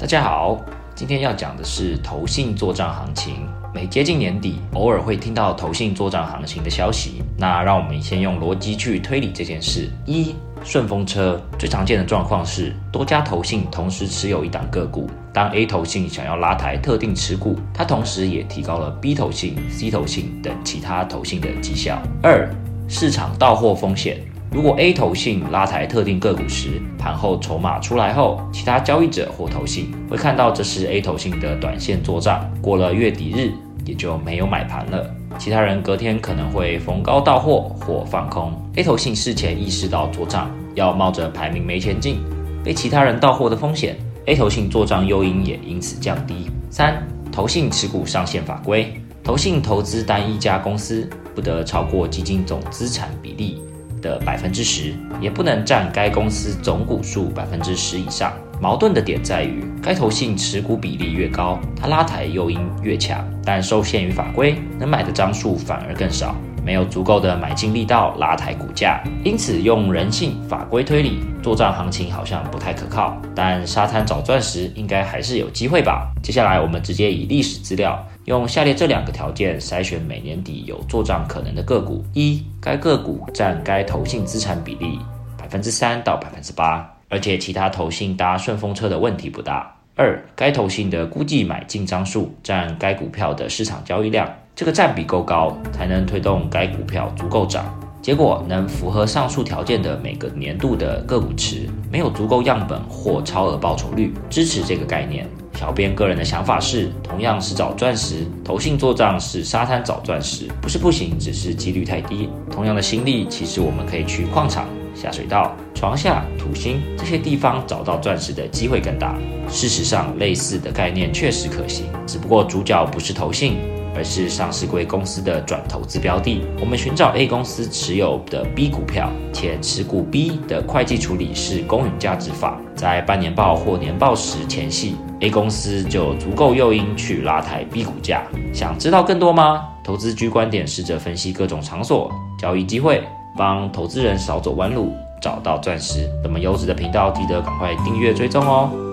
大家好，今天要講的是投信作帳行情。每接近年底，偶爾會聽到投信作帳行情的消息。那讓我們先用邏輯去推理這件事：一、順風車，最常見的狀況是多家投信同時持有一檔個股，當 A 投信想要拉抬特定持股，它，同時也提高了 B 投信、C 投信等其他投信的績效。二、市場倒貨風險。如果 A 投信拉抬特定個股時，盤後籌碼出來後，其他交易者或投信會看到這是 A 投信的短線作帳，過了月底日也就沒有買盤了。其他人隔天可能會逢高倒貨或放空。A 投信事前意識到作帳，要冒着排名沒前進、被其他人倒貨的風險，A 投信作帳誘因也因此降低。三、投信持股上限法規：投信投資單一家公司不得超過基金總資產比例。的百分之十，也不能佔該公司總股數百分之十以上。矛盾的點在於，該投信持股比例越高，它拉抬誘因越強，但受限於法規，能買的張數反而更少，沒有足夠的買進力道拉抬股價。因此，用人性法規推理作帳行情好像不太可靠，但沙灘找鑽石應該還是有機會吧。接下來我們直接以歷史資料。用下列這兩個條件篩選每年底有做賬可能的個股：一、該個股佔該投信資產比例百分之三到百分之八，而且其他投信搭順風車的問題不大；二、該投信的估計買進張數佔該股票的市場交易量，這個佔比夠高，才能推動該股票足夠漲。結果能符合上述條件的每個年度的個股池，沒有足夠樣本或超額報酬率支持這個概念。小編個人的想法是，同樣是找鑽石，投信作帳是沙灘找鑽石，不是不行，只是幾率太低。同樣的心力，其實我們可以去礦場、下水道、床下、土星這些地方找到鑽石的機會更大。事實上，類似的概念確實可行，只不過主角不是投信。而是上市櫃公司的轉投資標的。我們尋找 A 公司持有的 B 股票，且持股 B 的會計處理是公允價值法，在半年報或年報時前夕，A 公司就有足夠誘因去拉抬 B 股價。想知道更多嗎？投資 G 觀點試着分析各種場所交易機會，幫投資人少走彎路，找到鑽石。那麼優質的頻道，記得趕快訂閱追蹤哦。